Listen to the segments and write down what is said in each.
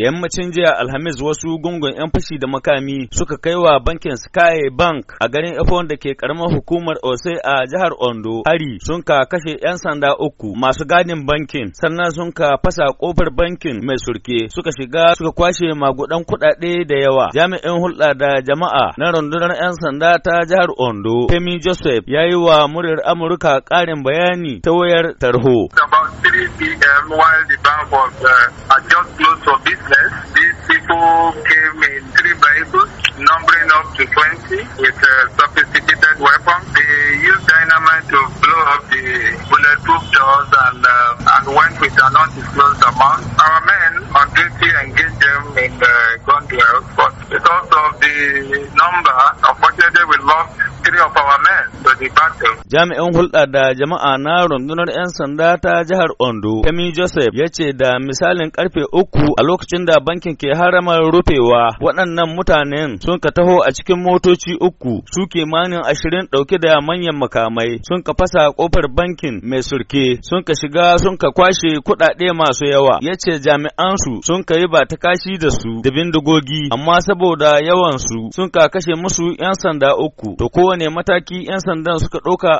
da yammacin jiya alhamis wasu gungun 'yan fashi da makami suka kai wa bankin sky bank a garin efon da ke karamar hukumar osai a jihar ondo hari sun ka kashe 'yan sanda uku masu gadin bankin sannan sun ka fasa kofar bankin mai surke suka shiga suka kwashe magudan kuɗaɗe da yawa jami'in hulɗa da jama'a na rundunar 'yan sanda ta jihar ondo femi joseph ya yi wa muryar amurka ƙarin bayani ta wayar tarho About 3 p.m. while the bank was uh, just close for with uh, sophisticated weapons. They used dynamite to blow up the bulletproof doors and, uh, and went with an undisclosed amount. Our men on duty engaged them in the uh, gun duel, but because of the number, unfortunately we lost three of our men to the battle. Jami'an hulɗa da jama'a na rundunar 'yan sanda ta jihar Ondo, Kemi Joseph ya ce da misalin karfe uku a lokacin da bankin ke haramar rufewa waɗannan mutanen sun ka taho a cikin motoci uku su kimanin ashirin ɗauke da manyan makamai sun ka fasa ƙofar bankin mai surke sun ka shiga sun ka kwashe kuɗaɗe masu yawa ya ce jami'an su sun ka yi ba ta kashi da su da bindigogi amma saboda yawan su sun ka kashe musu 'yan sanda uku to kowane mataki 'yan sandan suka ɗauka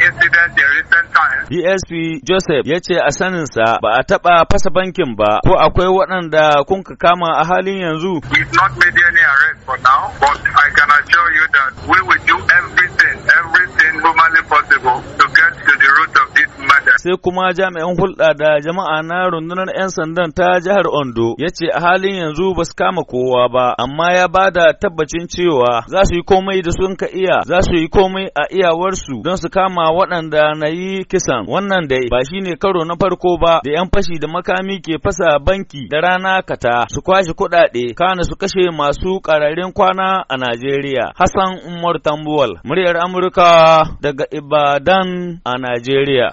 incident in recent times. DSP Joseph ya ce a saninsa ba a taɓa fasa bankin ba ko akwai waɗanda kun ka kama a halin yanzu. We've not made any arrest for now, but I can assure you that we will sai kuma jami'an hulɗa da jama'a na rundunar 'yan sandan ta jihar Ondo ya ce a halin yanzu ba su kama kowa ba amma ya ba da tabbacin cewa za su yi komai da sun ka iya za su yi komai a iyawarsu don su kama waɗanda na yi kisan wannan dai ba shi ne karo na farko ba da 'yan fashi da makami ke fasa banki da rana kata su kwashe kuɗaɗe kana su kashe masu ƙararin kwana a Najeriya Hassan Umar Tambuwal muryar Amurka daga Ibadan a Najeriya